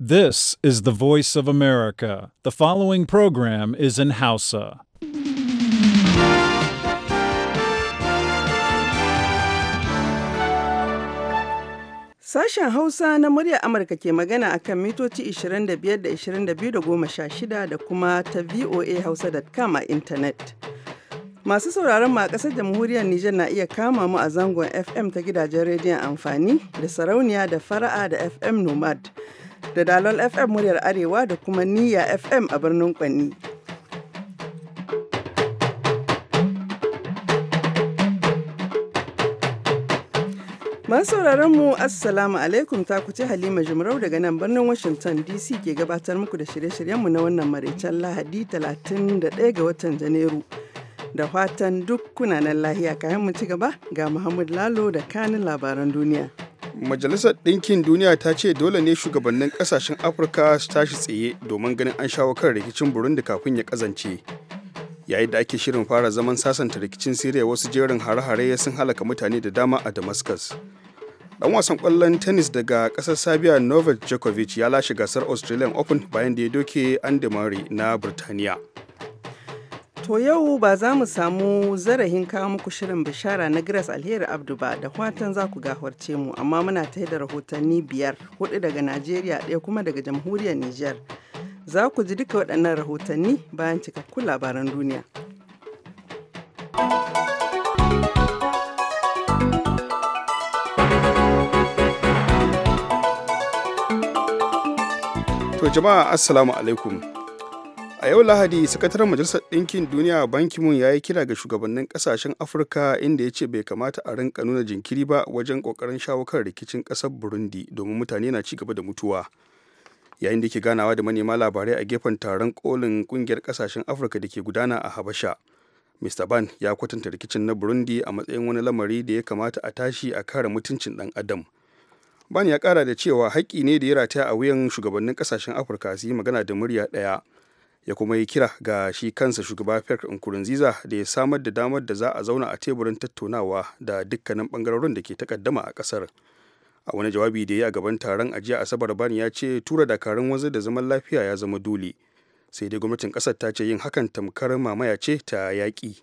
This is the voice of America. The following program is in Hausa. Sashen Hausa na muryar Amurka ke magana akan mitoci 25 da 22 da 16 da kuma ta voahausa.com a intanet. Masu sauraron mu a ƙasar jamhuriyar Nijar na iya kama mu a zangon FM ta gidajen rediyon amfani da sarauniya da fara'a da FM Nomad. da Dalol FM muryar Arewa da kuma Niyya FM a birnin Kwanni. sauraron mu assalamu alaikum ta kuce halima jumrau daga nan birnin washington dc ke gabatar muku da shirye-shiryenmu na wannan maraicen lahadi 31 ga watan janairu da fatan duk kunanan lahiya kayan mu ci gaba ga muhammad lalo da kanin labaran duniya Majalisar Ɗinkin Duniya ta ce dole ne shugabannin ƙasashen Afirka su tashi tsaye domin ganin an shawo kan rikicin Burundi kafin ya ƙazance. Yayin da ake shirin fara zaman sasanta rikicin Siriya wasu jerin hare-hare sun halaka mutane da dama a Damascus. Dan wasan kwallon tennis daga ƙasar sabia Novak Djokovic ya lashe gasar Australian Open bayan da ya doke Andy Murray na birtaniya. To yau ba za mu samu zarahin kawo muku shirin bishara na Grace Alheri Abdu ba da fatan za ku gafarce mu amma muna ta da rahotanni biyar hudu daga Najeriya ɗaya kuma daga jamhuriyar Nijar. Za ku ji duka waɗannan rahotanni bayan cikakkun labaran duniya. To jama'a assalamu alaikum. a yau lahadi sakataren majalisar ɗinkin duniya banki mun ya yi kira ga shugabannin ƙasashen afirka inda ya ce bai kamata a rinka nuna jinkiri ba wajen kokarin shawo kan rikicin ƙasar burundi domin mutane na ci gaba da mutuwa yayin da ke ganawa da manema labarai a gefen taron kolin ƙungiyar ƙasashen afirka da ke gudana a habasha mr ban ya kwatanta rikicin na burundi a matsayin wani lamari da ya kamata a tashi a kare mutuncin ɗan adam ban ya kara da cewa haƙƙi ne da ya rataya a wuyan shugabannin ƙasashen afirka su yi magana da murya ɗaya ya kuma yi kira ga shi kansa shugaba pierre nkurunziza da ya samar da damar da za a zauna a teburin tattaunawa da dukkanin bangarorin da ke takaddama a kasar a wani jawabi da ya yi a gaban taron ajiya asabar ban ya ce tura dakarun wanzu da zaman lafiya ya zama dole sai dai gwamnatin kasar ta ce yin hakan tamkar mamaya ce ta yaƙi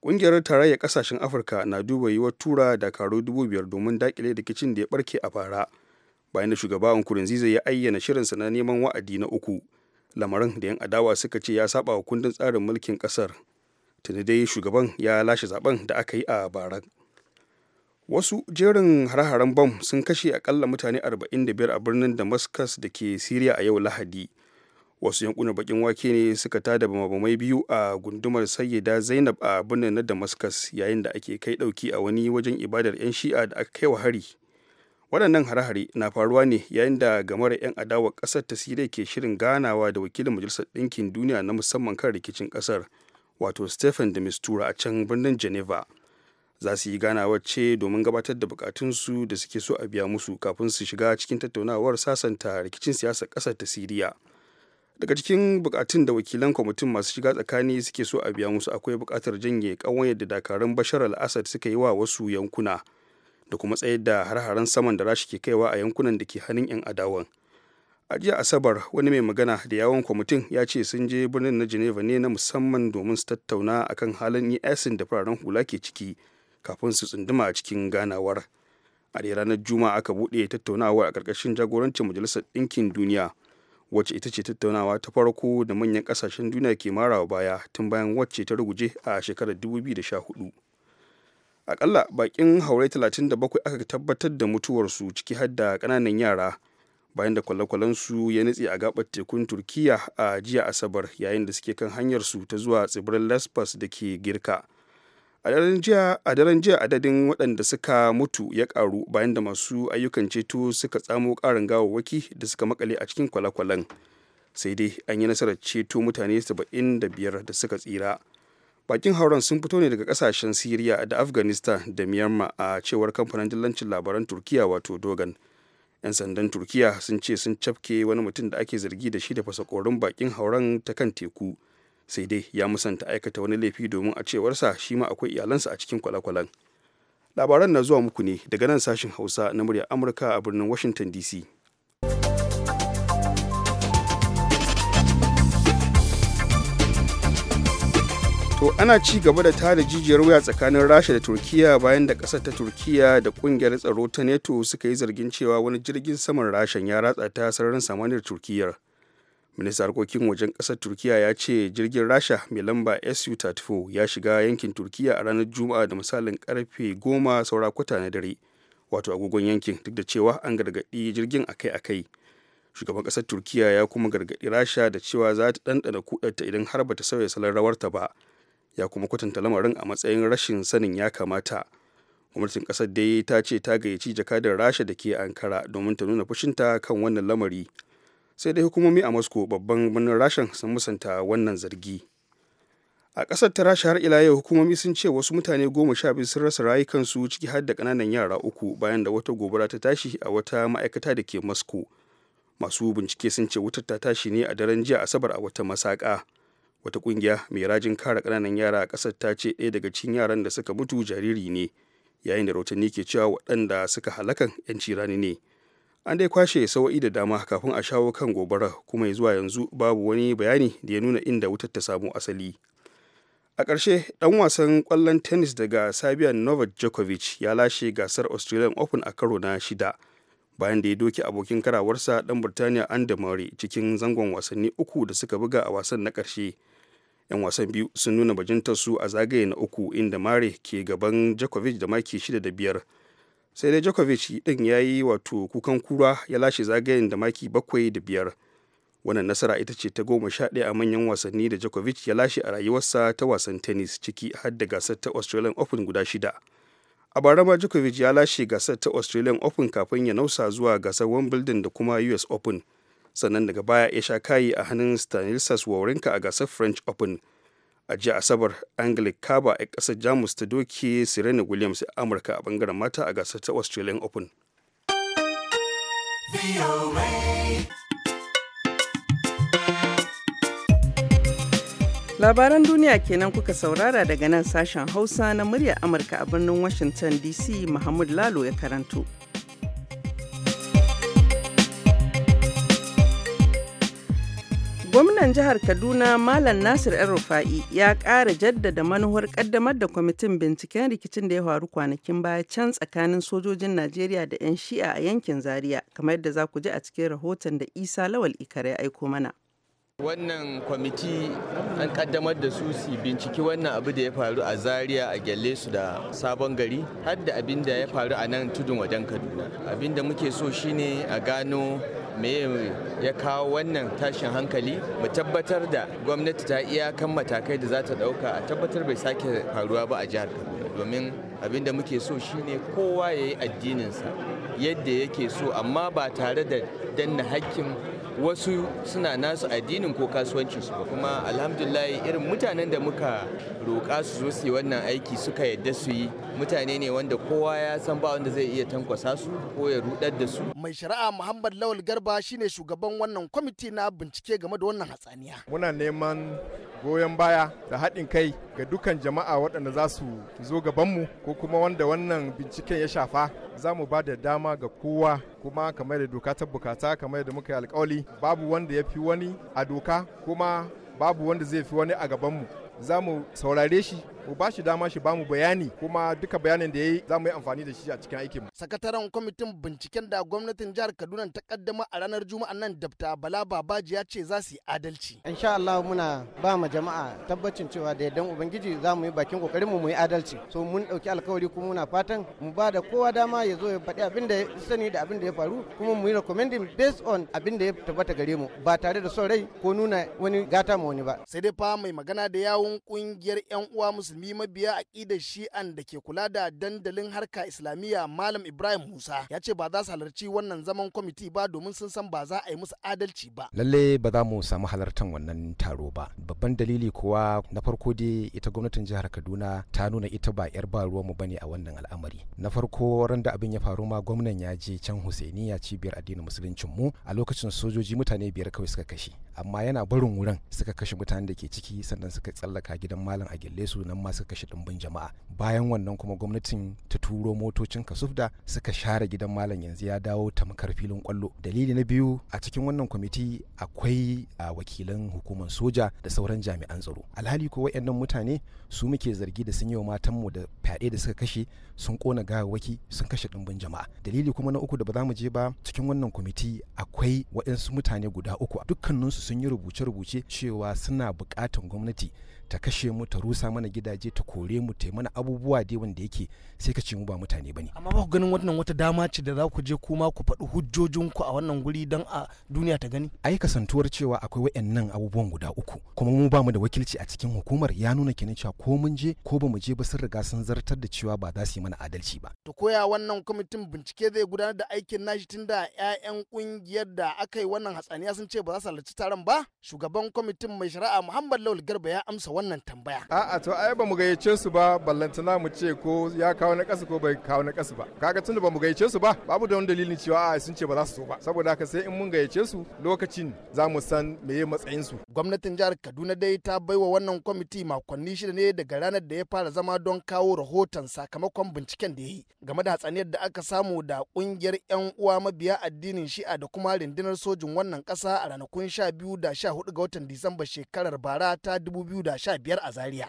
ƙungiyar tarayyar ƙasashen afirka na duba yiwuwar tura dakaru dubu biyar domin daƙile rikicin da ya ɓarke a fara bayan da shugaba nkurunziza ya ayyana shirinsa na neman wa'adi na uku lamarin da 'yan adawa suka ce ya saba wa kundin tsarin mulkin kasar tuni dai shugaban ya lashe zaben da aka yi a bara wasu jerin hare-haren bom sun kashe akalla mutane 45 a birnin damascus da ke siriya a yau lahadi wasu yankunan bakin wake ne suka tada bamabamai biyu a gundumar sayyida zainab a birnin na damascus yayin da ake kai dauki a wani wajen ibadar 'yan shi'a da aka kai wa hari waɗannan hare-hare na faruwa ne yayin da gamar 'yan adawa ƙasar ta siriya ke shirin ganawa da wakilin majalisar ɗinkin duniya na musamman kan rikicin ƙasar wato stephen de mistura a can birnin geneva za su yi ganawa ce domin gabatar da bukatunsu da suke so a biya musu kafin su shiga cikin tattaunawar sasanta rikicin siyasar ƙasar ta siriya daga cikin bukatun da wakilan kwamitin masu shiga tsakani suke so a biya musu akwai bukatar janye ƙawanyar da dakarun bashar al suka yi wa wasu yankuna da kuma tsayar da har-haren saman da rashi ke kaiwa a yankunan da ke hannun 'yan adawan a jiya asabar wani mai magana da yawon kwamitin ya ce sun je birnin na geneva ne na musamman domin su tattauna a kan halin yasin da fararen hula ke ciki kafin su tsunduma a cikin ganawar a da ranar juma'a aka buɗe tattaunawa a ƙarƙashin jagorancin majalisar ɗinkin duniya wacce ita ce tattaunawa ta farko da manyan ƙasashen duniya ke marawa baya tun bayan wacce ta ruguje a shekarar 2014 akalla bakin haurai 37 aka tabbatar da mutuwarsu ciki har da kananan yara bayan da kwale-kwalensu ya nutse a gabar tekun turkiya a jiya asabar yayin da suke kan hanyarsu ta zuwa tsibirin lesbos da ke girka a daren jiya adadin waɗanda suka mutu ya ƙaru bayan da masu ayyukan ceto suka tsamo ƙarin gawawwaki da suka makale a cikin kwale-kwalen sai dai an yi nasarar ceto mutane 75 da suka tsira bakin hauran sun fito ne daga kasashen siriya da afghanistan da myanmar a cewar kamfanin dillancin labaran turkiya wato dogon 'yan sandan turkiya sun ce sun cafke wani mutum da ake zargi da shi da fasakorin bakin hauran ta kan teku sai dai ya musanta aikata wani laifi domin a cewarsa shi ma akwai iyalansa a cikin kwale labaran na zuwa muku ne daga nan sashin hausa na murya amurka a birnin washington dc to ana ci gaba da tada jijiyar wuya tsakanin rasha da turkiya bayan da ƙasar ta turkiya da ƙungiyar tsaro ta neto suka yi zargin cewa wani jirgin saman rashan ya ratsa ta sararin samaniyar turkiya ministan harkokin wajen ƙasar turkiya ya ce jirgin rasha mai lamba su 34 ya shiga yankin turkiya a ranar juma'a da misalin karfe 10 saura kwata na dare wato agogon yankin duk da cewa an gargaɗi jirgin akai-akai shugaban ƙasar turkiya ya kuma gargaɗi rasha da cewa za ta ɗanɗana kuɗarta idan har ba bata sauya salon rawarta ba ya kuma kwatanta lamarin a matsayin rashin sanin ya kamata gwamnatin kasar dai ta ce ta gayyaci jakadar rasha da ke ankara domin ta nuna fushinta kan wannan lamari sai dai hukumomi a moscow babban birnin rashan sun musanta wannan zargi a kasar ta rasha har ila yau hukumomi sun ce wasu mutane goma sha biyu sun rasa rayukansu ciki har da kananan yara uku bayan da wata gobara ta tashi a wata ma'aikata da ke moscow masu bincike sun ce wutar ta tashi ne a daren jiya asabar a wata masaka wata kungiya mai rajin kare kananan yara a kasar ta ce ɗaya daga cikin yaran da suka mutu jariri ne yayin da rahotanni ke cewa waɗanda suka halakan 'yanci rani ne an dai kwashe sawa'i da dama kafin a shawo kan gobara kuma zuwa yanzu babu wani bayani da ya nuna inda wutar ta samu asali a ƙarshe ɗan wasan ƙwallon tennis daga sabian novak djokovic ya lashe gasar australian open a karo na shida bayan da ya doke abokin karawarsa ɗan burtaniya andy murray cikin zangon wasanni uku da suka buga a wasan na ƙarshe 'yan wasan biyu sun nuna bajintarsu a zagaye na uku inda mare ke gaban djokovic da maki shida da biyar sai dai djokovic din ya yi wato kukan kura ya lashe zagayen da maki bakwai da biyar wannan nasara ita ce ta goma sha ɗaya a manyan wasanni da djokovic ya lashe a rayuwarsa ta wasan tennis ciki har da gasar ta australian open guda shida a bara ma djokovic ya lashe gasar ta australian open kafin ya nausa zuwa gasar wimbledon da kuma us open sannan daga baya ya sha kayi a hannun stanislas wawrinka a gasar french open a jiya asabar anglic kaba a ƙasar jamus ta doke serena williams a amurka a bangaren mata a gasar ta australian open labaran duniya kenan kuka saurara daga nan sashen hausa na murya amurka a birnin washington dc mahmud lalo ya karanto Gwamnan jihar Kaduna Malam Nasir el Rufa'i ya ƙara jaddada manuwar ƙaddamar da kwamitin binciken rikicin da ya faru kwanakin baya can tsakanin sojojin Najeriya da 'yan shi'a a yankin Zaria, kamar yadda za ku ji a cikin rahoton da Isa Lawal Ikare ya aiko mana. wannan kwamiti an kaddamar da su su binciki wannan abu da ya faru a zaria a gyalle su da sabon gari har da abin da ya faru a nan tudun wajen kaduna abin da muke so shine a gano me ya kawo wannan tashin hankali mu tabbatar da gwamnati ta iyakan matakai da za ta ɗauka a tabbatar bai sake faruwa ba a jihar kaduna domin abin da muke so shine kowa ya yi addininsa yadda yake so amma ba tare da danna hakkin wasu suna nasu addinin ko kasuwancin su kuma alhamdulillah irin mutanen da muka roƙa su zo su yi wannan aiki suka yadda su yi mutane ne wanda kowa ya san ba wanda zai iya tankwasa su ko ya rudar da su mai shari'a muhammad lawal garba shine shugaban wannan kwamiti na bincike game da wannan hatsaniya muna neman goyon baya da haɗin kai ga dukan jama'a waɗanda za su zo gabanmu ko kuma wanda wannan binciken ya shafa za mu ba da dama ga kowa kuma kamar da doka ta bukata kamar da muka yi alkawali babu wanda ya fi wani a doka kuma babu wanda zai fi wani a gabanmu za mu saurare shi mu ba shi dama shi ba mu bayani kuma duka bayanin da ya yi za mu yi amfani da shi a cikin aikin sakataren kwamitin binciken da gwamnatin jihar kaduna ta kaddama a ranar juma'a nan dabta bala babaji ya ce za su yi adalci insha Allah muna ba ma jama'a tabbacin cewa da yardan ubangiji za mu yi bakin kokarin mu mu yi adalci so mun dauki alkawari kuma muna fatan mu ba da kowa dama ya zo ya faɗi abin da ya sani da abin da ya faru kuma mu yi recommending based on abin da ya tabbata gare mu ba tare da son rai ko nuna wani gata ma wani ba sai dai fa mai magana da yawun kungiyar yan uwa musulmi mi mabiya aƙidar shi'an da ke kula da dandalin harka islamiyya malam ibrahim musa ya ce ba za su halarci wannan zaman kwamiti ba domin sun san ba za a yi musu adalci ba lalle ba za mu samu halartar wannan taro ba babban dalili kuwa na farko dai ita gwamnatin jihar kaduna ta nuna ita ba yar ba ruwanmu bane a wannan al'amari na farko ran da abin ya faru ma gwamnan ya je can husainiya cibiyar addinin musuluncin mu a lokacin sojoji mutane biyar kawai suka kashe amma yana barin wurin suka kashe mutanen da ke ciki sannan suka tsallaka gidan malam a gelle su na ma suka kashe ɗumbin jama'a bayan wannan kuma gwamnatin ta turo motocin kasufda suka share gidan malam yanzu ya dawo tamkar filin kwallo dalili na biyu a cikin wannan kwamiti akwai a wakilan hukumar soja da sauran jami'an tsaro alhali ko wayannan mutane su muke zargi da sun yi wa matanmu da fyaɗe da suka kashe sun kona gawawwaki sun kashe ɗumbin jama'a dalili kuma na uku da ba za mu je ba cikin wannan kwamiti akwai waɗansu mutane guda uku dukkaninsu sun yi rubuce-rubuce cewa suna buƙatan gwamnati ta kashe mu ta rusa mana gida gidaje ta kore mu ta mana abubuwa dai wanda yake sai ka ce mu ba mutane bane amma ba ku ganin wannan wata dama ce da za ku je kuma ku faɗi ku a wannan guri dan a duniya ta gani ai kasantuwar cewa akwai wayannan abubuwan guda uku kuma mu ba mu da wakilci a cikin hukumar ya nuna kenan cewa ko mun je ko ba mu je ba sun riga sun zartar da cewa ba za su yi mana adalci ba to koya wannan kwamitin bincike zai gudanar da aikin nashi tunda 'ya'yan ƙungiyar da aka yi wannan hatsaniya sun ce ba za su halarci taron ba shugaban kwamitin mai shari'a Muhammad Lawal Garba ya amsa wannan tambaya a'a to ai ba mu gayyace su ba ballantana mu ce ko ya kawo na ƙasa ko bai kawo na ƙasa ba kaga tunda ba mu gayyace su ba babu da wani dalilin cewa a sun ce ba za su so ba saboda haka sai in mun gayyace su lokacin za mu san ya matsayin su gwamnatin jihar Kaduna dai ta baiwa wannan kwamiti makonni shida ne daga ranar da ya fara zama don kawo rahoton sakamakon binciken da ya yi game da hatsaniyar da aka samu da kungiyar 'yan uwa mabiya addinin shi'a da kuma rundunar sojin wannan ƙasa a ranakun sha biyu da sha hudu ga watan Disamba shekarar bara ta dubu biyu da sha biyar a Zaria.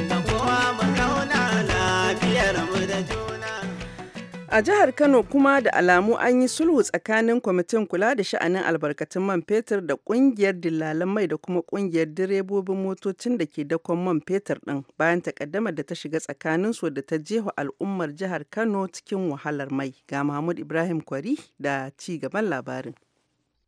A jihar Kano kuma da alamu an yi sulhu tsakanin kwamitin kula da sha'anin albarkatun man fetur da kungiyar dillalan mai da kuma kungiyar direbobin motocin da ke dakon man fetur ɗin, bayan takaddamar da ta shiga tsakanin su da ta jefa al'ummar jihar Kano cikin wahalar mai. Ga Mahmud Ibrahim Kwari da ci gaban labarin.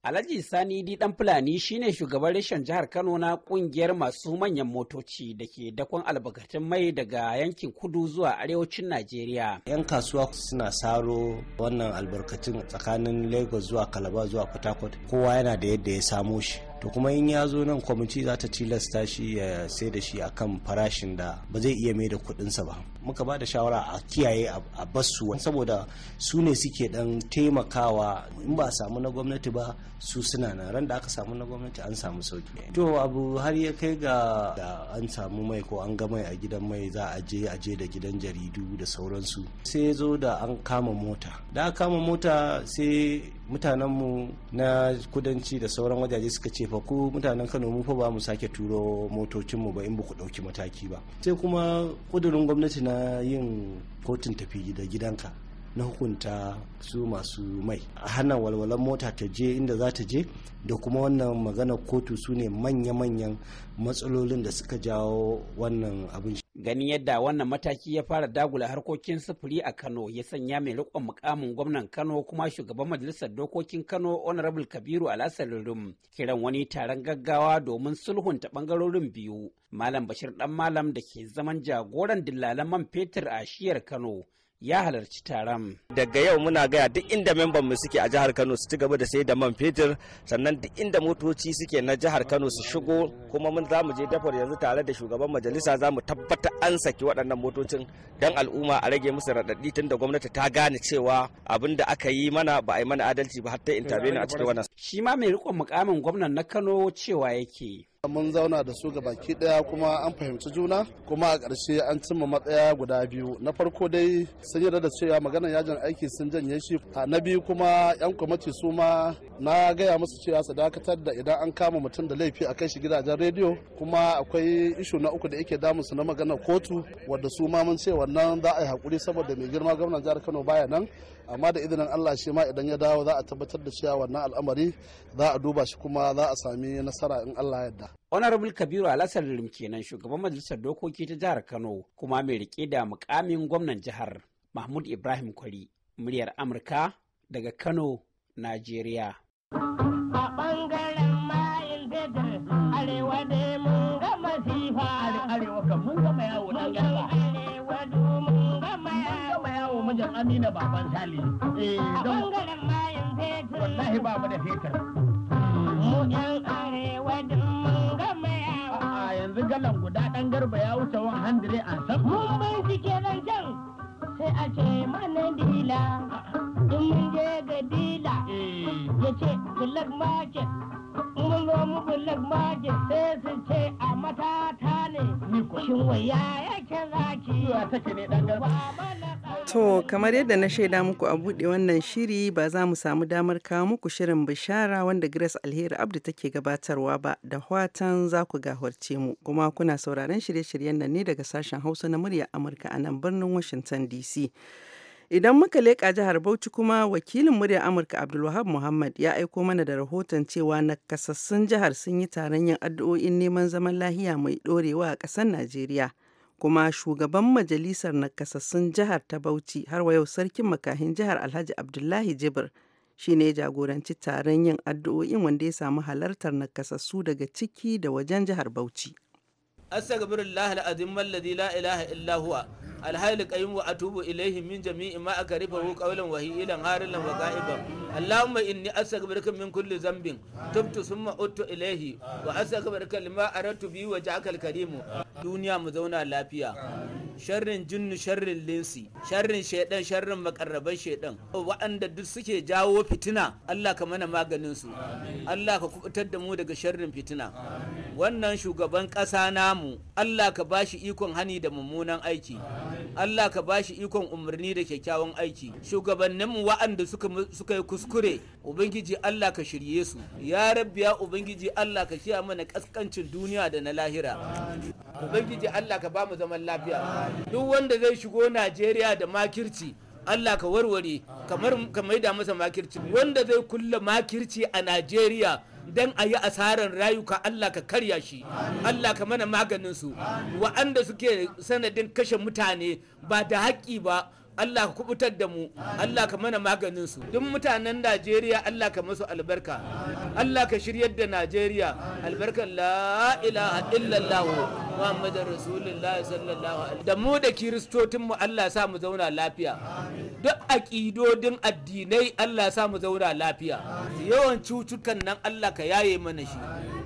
Alhaji Sani Di Dan Fulani shine shugaban reshen jihar Kano na kungiyar masu manyan motoci da ke dakon albarkatun mai daga yankin kudu zuwa arewacin Najeriya. Yan kasuwa suna saro wannan albarkatun tsakanin Lagos zuwa Calabar zuwa Port Harcourt. Kowa yana da yadda ya samo shi. to kuma in ya zo nan kwamiti za ta tilasta shi ya sai da shi akan farashin da ba zai iya mai da kuɗinsa ba muka ba da shawara a kiyaye a basu saboda su ne suke dan taimakawa in ba samu na gwamnati ba su suna nan ran da aka samu na gwamnati an samu sauki to abu har ya kai ga an samu mai ko an ga mai a gidan mai za a je a je da gidan jaridu da sauransu sai zo da an kama mota da kama mota sai mutanenmu na kudanci da sauran wajaje suka ce fa ku mutanen kano mu fa ba mu sake turo motocinmu ba in ba ku ɗauki mataki ba sai kuma kudurin gwamnati na yin kotun tafi da gidanka na hukunta su masu mai a hana walwalan mota ta je inda za ta je da kuma wannan maganar kotu su ne manya-manyan matsalolin da suka jawo wannan abin gani yadda wannan mataki ya fara dagula harkokin sufuri a kano ya sanya mai rikon mukamin gwamnan kano kuma shugaban majalisar dokokin kano honorable kabiru alasar rum kiran wani taron gaggawa domin sulhunta bangarorin biyu malam bashir dan malam da ke zaman jagoran dillalan man fetur a shiyar kano ya halarci taron. Daga yau muna gaya duk inda memban mu suke a jihar Kano su ci gaba da sayar da man fetur sannan duk inda motoci suke na jihar Kano su shigo kuma mun za mu je dafar yanzu tare da shugaban majalisa za mu tabbata an saki waɗannan motocin don al'umma a rage musu raɗaɗi tun da gwamnati ta gane cewa abin aka yi mana ba a yi mana adalci ba har ta intabene a cikin wannan. Shi ma mai riƙon mukamin gwamnan na Kano cewa yake. mun zauna da su ga baki daya kuma an fahimci juna kuma a ƙarshe an cimma matsaya guda biyu na farko dai sun yarda da cewa maganar yajin aiki sun janye shi na biyu kuma yan kwamiti su ma na gaya musu cewa su dakatar da idan an kama mutum da laifi a kai shi gidajen rediyo kuma akwai ishu na uku da yake damun su na maganar kotu wadda su ma mun ce wannan za a yi hakuri saboda mai girma gwamnan jihar kano baya nan amma da izinin Allah shi ma idan ya dawo za a tabbatar da cewa wannan al'amari za a duba shi kuma za a sami nasara in Allah yarda. Honorable Kabiru Alassar Rim kenan shugaban majalisar dokoki ta jihar Kano kuma mai rike da mukamin gwamnan jihar Mahmud Ibrahim Kwari muryar Amurka daga Kano, Najeriya. wajen amina baban sali eh don wallahi ba da fetur mu yan arewa din mun ga a yanzu galan guda dan garba ya wuce 100 an san mun mai shi nan jan sai a ce mana dila in mun je ga dila eh. ya ce market ce a matata ne To kamar yadda na shaida muku a buɗe wannan shiri ba za mu samu damar kawo muku shirin bishara wanda Grace Alheri Abdu take gabatarwa ba da watan za ku gahorce mu kuma kuna sauraron shirye-shiryen nan ne daga sashen Hausa na murya Amurka a nan birnin Washington DC. Idan muka leƙa jihar Bauchi kuma wakilin muryar Amurka Abdulwahab Muhammad ya aiko mana da rahoton cewa nakasassun jihar sun yi taron yin addu'o'in neman zaman lahiya mai ɗorewa a ƙasar Najeriya. Kuma shugaban majalisar nakasassun jihar ta Bauchi har wa yau sarkin makahin jihar Alhaji Abdullahi Jibir shi ne jagoranci taron yin addu'o'in wanda ya samu halartar nakasassu daga ciki da wajen jihar Bauchi. Astaghfirullah al-azim alladhi la ilaha illa alhail kayin wa atubu ilaihi min jami'i ma aka akarifahu qawlan wa hilan harilan wa qa'iban allahumma inni astaghfiruka min kulli zambin. tubtu summa utu, ilaihi wa astaghfiruka lima aradtu bi wa Jakar karimu duniya mu zauna lafiya sharrin jinnu sharrin linsi sharrin shaidan sharrin makarraban shaidan waɗanda duk suke jawo fitina Allah ka mana maganin su Allah ka kubutar da mu daga sharrin fitina wannan shugaban ƙasa namu Allah ka bashi ikon hani da mummunan aiki Allah ka ba shi ikon umarni da kyakkyawan aiki shugabanninmu wa'anda suka suka yi kuskure ubangiji Allah ka shirye su ya rabbi ya ubangiji Allah ka kiya mana kaskancin duniya da na lahira ubangiji Allah ka ba mu zaman lafiya duk wanda zai shigo Najeriya da makirci Allah ka warware kamar ka maida masa makirci wanda zai kulle makirci a Najeriya dan a yi asarar rayuka Allah ka karya shi Allah ka mana maganin su wa'anda suke sanadin kashe mutane ba da haƙƙi ba Allah ka kubutar da mu Allah ka mana maganin su duk mutanen Najeriya Allah ka musu albarka Allah ka shiryar da Najeriya albarkan la ilaha illallah Muhammadur Rasulullah sallallahu alaihi da mu da kiristotin mu Allah sa mu zauna lafiya duk aqidodin addinai Allah sa mu zauna lafiya yawan cucukan nan Allah ka yaye mana shi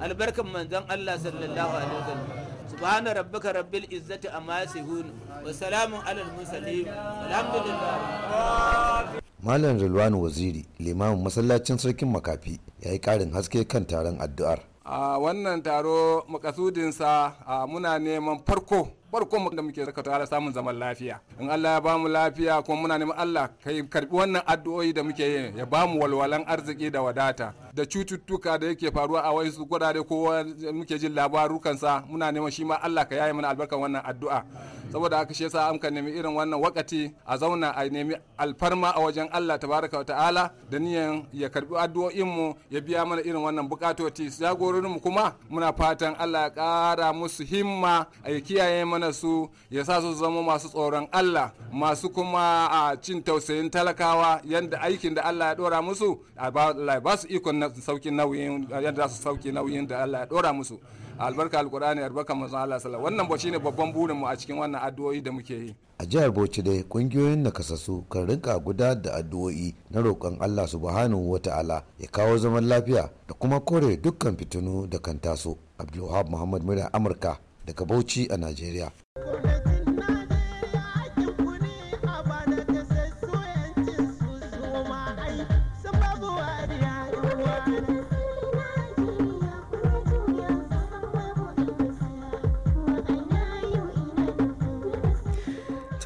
albarkan manzon Allah sallallahu alaihi wasallam subhana rabbika rabbil izzati amma yasifun wa salamun alal mursalin alhamdulillah Malam Rilwanu Waziri limamin masallacin sarkin makafi ya yi ƙarin haske kan taron addu'ar. A wannan taro makasudinsa muna neman farko farkon mu da muke saka ta samun zaman lafiya in Allah ya bamu lafiya kuma muna neman Allah kai karbi wannan addu'o'i da muke yi ya bamu walwalan arziki da wadata da cututtuka da yake faruwa a wasu gurare ko muke jin labarukan sa muna neman shi ma Allah ka yaye mana albarkan wannan addu'a saboda haka shi yasa amka nemi irin wannan wakati a zauna a nemi alfarma a wajen Allah tabaraka ta'ala da niyan ya karbi addu'o'in mu ya biya mana irin wannan bukatoti jagororin mu kuma muna fatan Allah ya kara musu himma a kiyaye mana su ya sa su zama masu tsoron Allah masu kuma a cin tausayin talakawa yanda aikin da Allah ya dora musu a ba su ikon saukin nauyin yadda za su sauki nauyin da Allah ya dora musu albarka alkur'ani albarka manzon Allah sallallahu wannan ba shine babban burin mu a cikin wannan addu'o'i da muke yi a jihar Bauchi dai kungiyoyin nakasassu kan rinka guda da addu'o'i na roƙon Allah subhanahu wata'ala ya kawo zaman lafiya da kuma kore dukkan fitinu da kan taso Abdulwahab Muhammad Murya Amurka daga Bauchi a Najeriya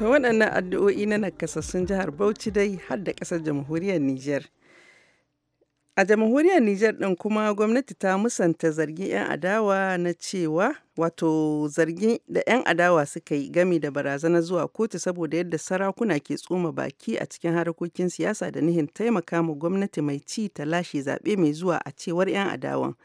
To waɗannan addu'o'i na nakasassun jihar Bauchi dai har da ƙasar jamhuriyar Nijar. A jamhuriyar Nijar ɗin kuma gwamnati ta musanta zargin 'yan adawa na cewa wato zargin da 'yan adawa suka yi gami da barazana zuwa kotu saboda yadda sarakuna ke tsoma baki a cikin harkokin siyasa da nihin taimaka ma gwamnati mai ci ta lashe zaɓe mai zuwa a cewar 'yan adawan.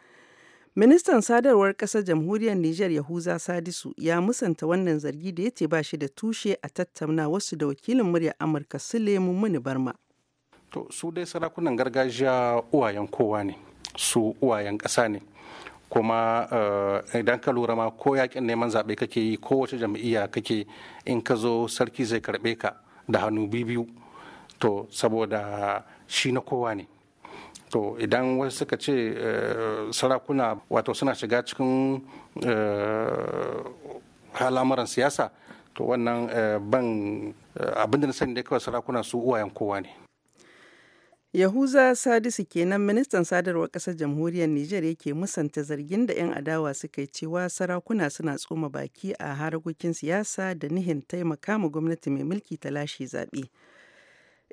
Ministan sadarwar ƙasar jamhuriyar Nijar Yahuza Sadisu ya musanta wannan zargi da ya ce ba shi da tushe a tattauna wasu da wakilin muryar Amurka sulemu muni Barma. To su dai sarakunan gargajiya uwayen kowa ne, su uwayen ƙasa ne. kuma eh, idan ka lura ma ko yakin neman zaɓe kake yi ko wace jam'iyya kake in ka zo sarki zai karɓe ka da hannu biyu to saboda shi na kowa ne to idan wasu suka ce eh, sarakuna wato suna shiga cikin halamuran eh, siyasa to wannan eh, ban abinda na sani da kawai sarakuna su uwayen kowa ne Yahuza Sadisu kenan ministan sadarwar ƙasar jamhuriyar Nijar yake musanta zargin da 'yan adawa suka yi cewa sarakuna suna tsoma baki a harakokin siyasa da nihin taimaka ma gwamnati mai mulki ta lashe zaɓe.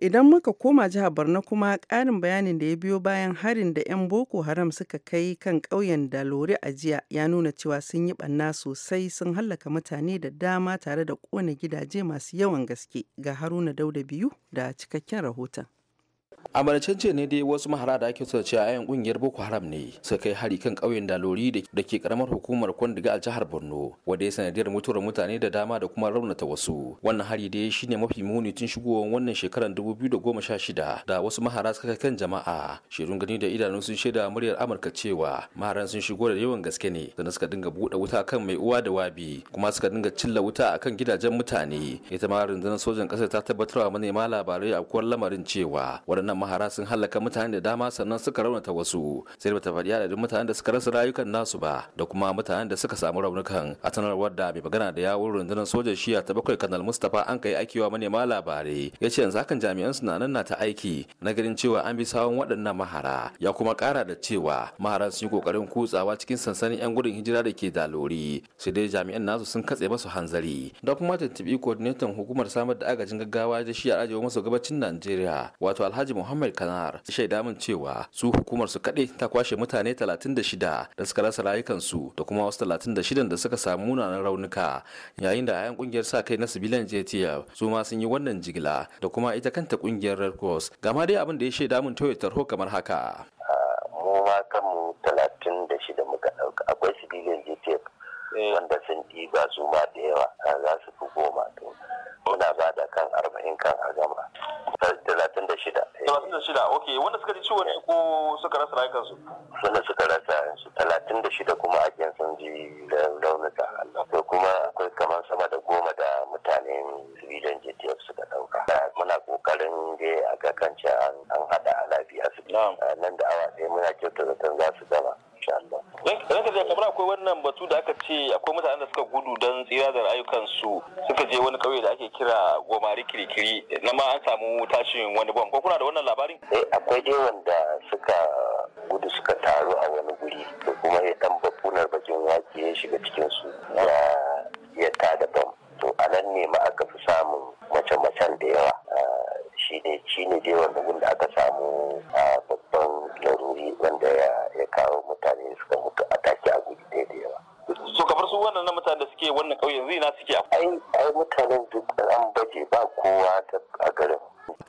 Idan muka koma jihar Borno kuma ƙarin bayanin da ya biyo bayan harin da 'yan Boko Haram suka kai kan ƙauyen Dalori a jiya ya nuna cewa sun yi ɓanna sosai sun hallaka mutane da dama tare da ƙona gidaje masu yawan gaske ga Haruna Dauda biyu da cikakken rahoton. a ne dai wasu mahara da ake cewa a yan kungiyar boko haram ne suka kai hari kan ƙauyen dalori da ke karamar hukumar kwandiga a jihar borno wadda ya sanadiyar mutuwar mutane da dama da kuma raunata wasu wannan hari dai shine mafi muni tun shigowar wannan shekarar dubu 2016 da wasu mahara suka kai kan jama'a shirin gani da idanu sun shaida muryar amurka cewa maharan sun shigo da yawan gaske ne sannan suka dinga buɗe wuta kan mai uwa da wabi kuma suka dinga cilla wuta akan gidajen mutane ita ma rundunar sojan ƙasar ta tabbatar wa manema labarai a lamarin cewa waɗannan wannan mahara sun halaka mutane da dama sannan suka raunata wasu sai bata faɗi adadin mutanen da suka rasa rayukan nasu ba da kuma mutanen da suka samu raunukan a sanarwar da mai magana da yawun rundunar sojan shiya ta bakwai kanal mustapha an kai aiki wa manema labarai ya ce yanzu hakan jami'an su na nan na ta aiki na ganin cewa an bi sawon waɗannan mahara ya kuma kara da cewa maharan sun yi ƙoƙarin kutsawa cikin sansanin 'yan gudun hijira da ke dalori sai dai jami'an nasu sun katse masu hanzari da kuma tuntuɓi coordinator hukumar samar da agajin gaggawa da shiya arewa maso gabacin najeriya wato alhaji muhammad kanar shaida min cewa su hukumar su kaɗai ta kwashe mutane 36 da suka rasa rayukansu da kuma wasu 36 da suka samu munanan raunuka yayin da 'ya'yan kungiyar sa kai na sibilan jtf su ma sun yi wannan jigila da kuma ita kanta kungiyar red cross gama dai abin da ya shaida min toyo tarho kamar haka ah, mu ma kanmu talatin da shida muka ɗauka akwai civilian jtf eh. wanda sun ɗiba su ma da yawa ah, za su fi goma muna ba da kan arba'in kan a gama talatin da shida talatin da shida ok wanda suka ji ciwo ne ko suka rasa rayukansu wanda suka rasa su talatin da shida kuma ake sun ji raunuka to kuma akwai kamar sama da goma da mutanen civilian jtf suka dauka muna kokarin je a ga kan an hada a lafiya su nan da awa ɗaya muna zaton za su gama insha Allah ka da kamar akwai wannan batu da aka ce akwai mutanen da suka gudu don tsira da rayukansu suka je wani kauye da ake kira gomari kirikiri na ma an samu tashin wani bom ko kuna da wannan labarin eh akwai dai wanda suka gudu suka taru a wani guri da kuma ya dan bafunar bakin wake ya shiga cikin su ya ya tada bom to anan ne ma aka fi samun mace-macen da yawa ah, shi ne shi ne dai wanda da aka samu a babban laruri wanda ya kawo mutane suka mutu a take a guri ɗaya da yawa. so kamar su wannan mutane da suke wannan ƙauyen na suke ai ai mutanen duk an baje ba kowa a garin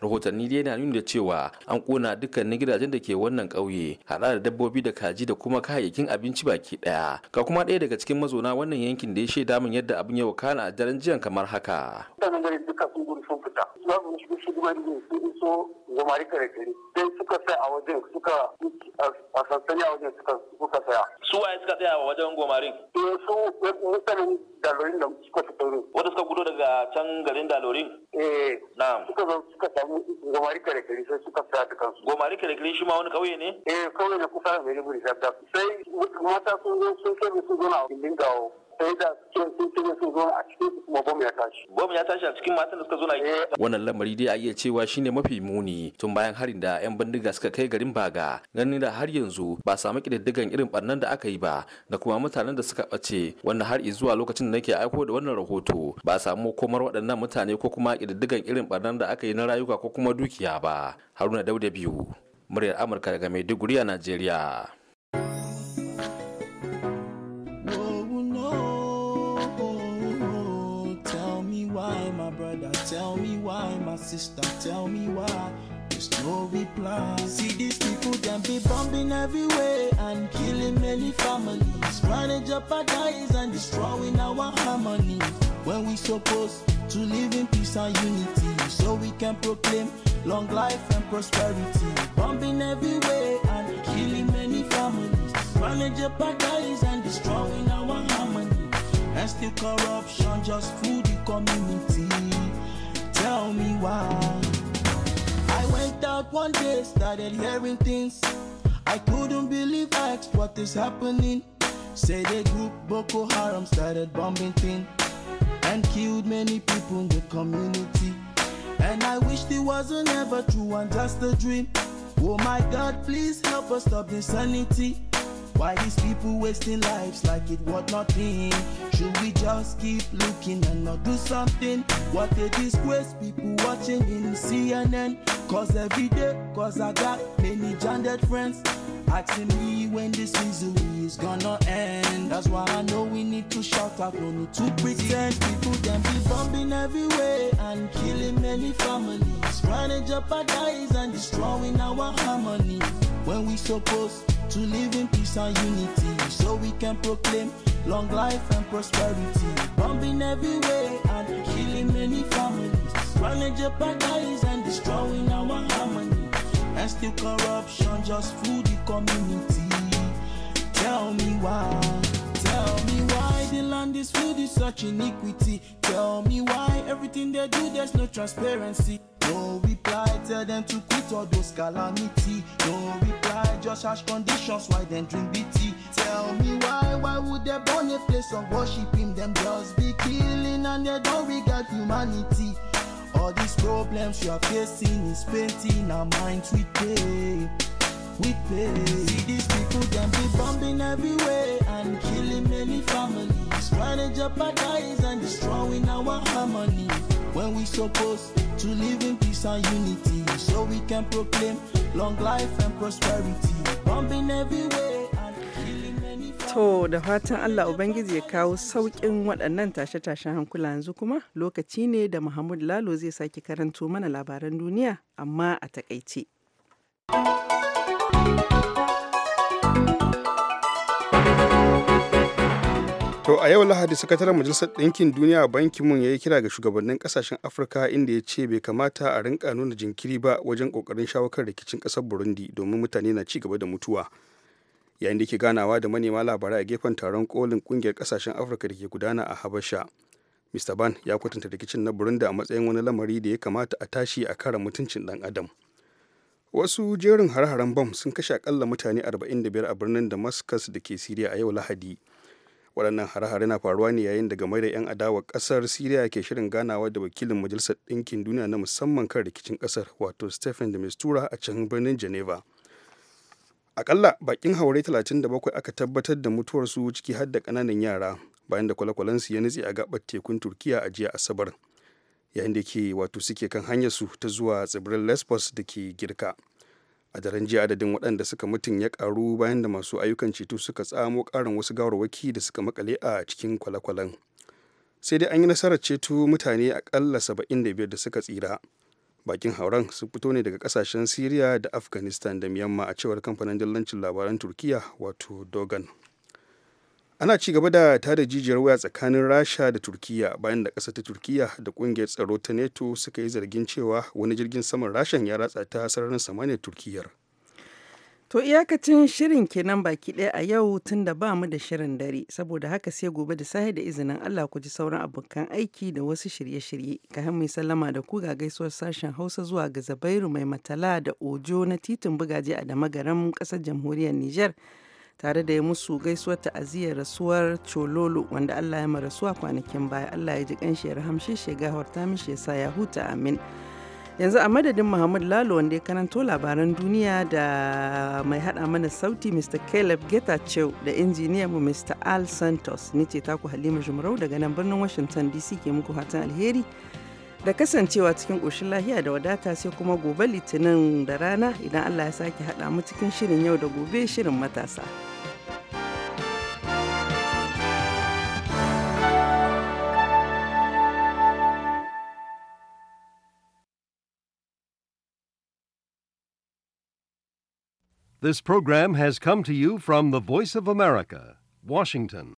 rahotanni dai na nuna da cewa an kona dukkanin gidajen da ke wannan ƙauye hada da dabbobi da kaji da kuma kayayyakin abinci baki ɗaya, ga kuma ɗaya daga cikin mazauna wannan yankin da ya shaida min yadda abin ya wakana a daren jiyan kamar haka mutanen gari duka sun gudu sun fita babu shigo shigo da sun iso gomari kare kare sai suka sai a wajen suka a sansani a wajen suka suka saya su waye suka tsaya a wajen gomarin eh su eh, mutanen dalorin da suka fito wanda suka gudu daga can garin dalorin eh na suka zo suka suka samu gomari kare kare sai suka fita da kansu gomari kare kare shi ma wani kauye ne eh kauye ne kusa da Maiduguri sai sai mata sun zo sun kai su zo na bindin gawo wannan lamari dai a iya cewa shine mafi muni tun bayan harin da yan bindiga suka kai garin baga ganin da har yanzu ba samu kididdigan irin barnan da aka yi ba da kuma mutanen da suka bace wanda har zuwa lokacin da nake aiko da wannan rahoto ba samu komar waɗannan mutane ko kuma kididdigan irin barnan da aka yi na rayuka ko kuma dukiya ba haruna dauda biyu muryar amurka daga maiduguri a najeriya sister, tell me why. There's no reply. See these people, them be bombing everywhere and killing many families. up our guys and destroying our harmony. When we supposed to live in peace and unity, so we can proclaim long life and prosperity. Bombing everywhere and killing many families. up our guys and destroying our harmony. And still corruption just food the community tell me why. I went out one day, started hearing things. I couldn't believe I asked what is happening. Say the group Boko Haram started bombing things and killed many people in the community. And I wish it wasn't ever true and just a dream. Oh my God, please help us stop insanity. Why these people wasting lives like it was nothing? Should we just keep looking and not do something? What a disgrace, people watching in CNN. Cause every day, cause I got many gendered friends asking me when this misery is gonna end. That's why I know we need to shout out, no need to pretend. People then be bombing everywhere and killing many families, trying to jeopardize and destroying our harmony when we supposed to live in peace and unity so we can proclaim long life and prosperity. Bombing everywhere and killing many families, running jeopardies and destroying our harmony. And still corruption just through the community. Tell me why, tell me why the land is filled with such iniquity. Tell me why everything they do there's no transparency. No reply, tell them to quit all those calamity. No reply, just harsh conditions why them drink BT. Tell me why, why would they burn a place of worshiping? Them just be killing and they don't regard humanity. All these problems you are facing is painting our minds with pain. With pain. See these people, them be bombing everywhere and killing many families. Trying to jeopardize and destroying our harmony. when we supposed to live in peace and unity so we can proclaim long life and prosperity bombing everywhere To da fatan Allah Ubangiji ya kawo sauƙin waɗannan tashe-tashen hankula yanzu kuma lokaci ne da Muhammad Lalo zai sake karanto mana labaran duniya amma a taƙaice. To a yau Lahadi sakataren Majalisar Ɗinkin Duniya bankin mun ya yi kira ga shugabannin ƙasashen Afirka inda ya ce bai kamata a rinka nuna jinkiri ba wajen kokarin shawo kan rikicin ƙasar Burundi domin mutane na ci gaba da mutuwa. Yayin da ke ganawa da manema labarai a gefen taron kolin ƙungiyar ƙasashen Afirka da ke gudana a Habasha. Mr. Ban ya kwatanta rikicin na Burundi a matsayin wani lamari da ya kamata a tashi a kare mutuncin ɗan adam. Wasu jerin har-haren bom sun kashe akalla mutane 45 a birnin Damascus da ke Siriya a yau Lahadi. waɗannan hare-hare na faruwa ne yayin da game da 'yan adawa ƙasar siriya ke shirin ganawa da wakilin majalisar ɗinkin duniya na musamman kan rikicin ƙasar wato stephen de mistura a can birnin geneva akalla bakin haure 37 aka tabbatar da mutuwarsu ciki har da ƙananan yara bayan da kwale-kwalensu ya nutse a gabar tekun turkiya a jiya asabar yayin da ke wato suke kan hanyarsu ta zuwa tsibirin lesbos da ke girka a daren jiya adadin waɗanda suka mutum ya karu bayan da masu ayyukan ceto suka tsamo ƙarin wasu gawarwaki da suka makale a cikin kwale-kwalen sai dai an yi nasarar ceto mutane aƙalla 75 da biyar da suka tsira bakin hauren sun fito ne daga kasashen syria da afghanistan da miyamma a cewar kamfanin dillancin labaran turkiya wato dogan ana ci gaba da tada jijiyar waya tsakanin rasha da turkiya bayan da ƙasa ta turkiya da ƙungiyar tsaro ta neto suka yi zargin cewa wani jirgin saman rashan ya ratsa ta sararin samaniyar turkiyar To iyakacin shirin kenan baki ɗaya a yau tun da ba mu da shirin dare, saboda haka sai gobe da sahi da izinin Allah ku ji sauran abokan aiki da wasu shirye-shirye. Ka mai sallama da ku ga gaisuwar sashen Hausa zuwa ga Zabairu mai matala da Ojo na titin bugaje a da magaran ƙasar jamhuriyar Nijar. tare da ya musu gaisuwar ta'aziyyar rasuwar Chololo wanda Allah ya marasuwa kwanakin baya Allah ya ji kanshi ya rahamshe shi gafarta mishi ya sa ya huta amin. Yanzu a madadin Muhammad Lalo wanda ya karanto labaran duniya da mai hada mana sauti Mr. Caleb Getachew da injiniya mu Mr. Al Santos. Ni ce taku Halima Jumrau daga nan birnin Washington DC ke muku hatan alheri. da kasancewa cikin ƙoshin lahiya da wadata sai kuma gobe litinin da rana idan Allah ya sake haɗa mu cikin shirin yau da gobe shirin matasa. This program has come to you from the Voice of America, Washington.